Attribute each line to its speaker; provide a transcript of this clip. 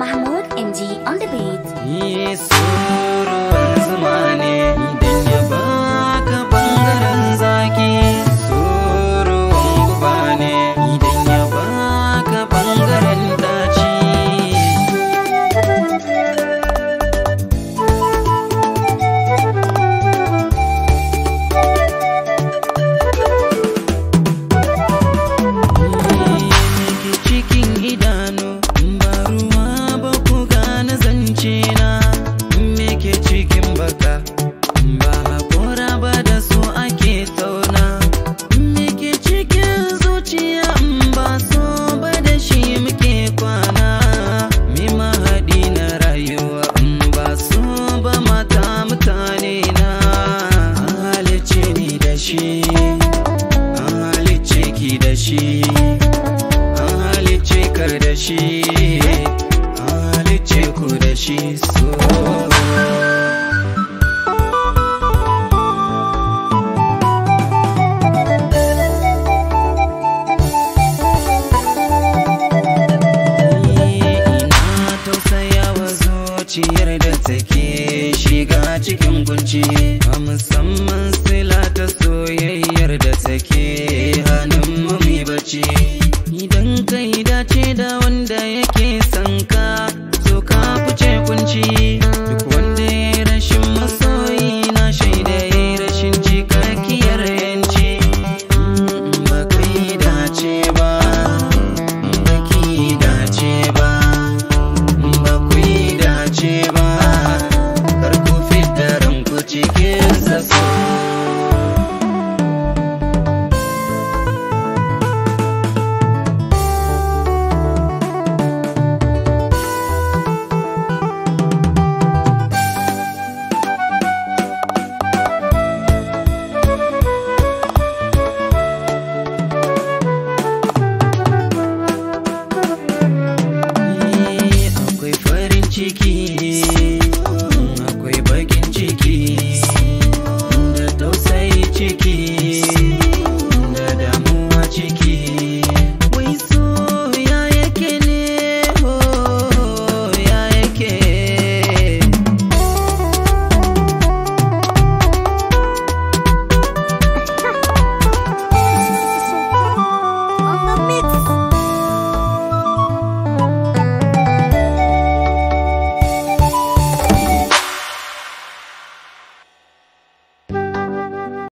Speaker 1: Mahmoud
Speaker 2: MG on the beat. shi an halice ka da shi an halice ku da shi so zuciyar da take shiga cikin kunci a musamman sai magic is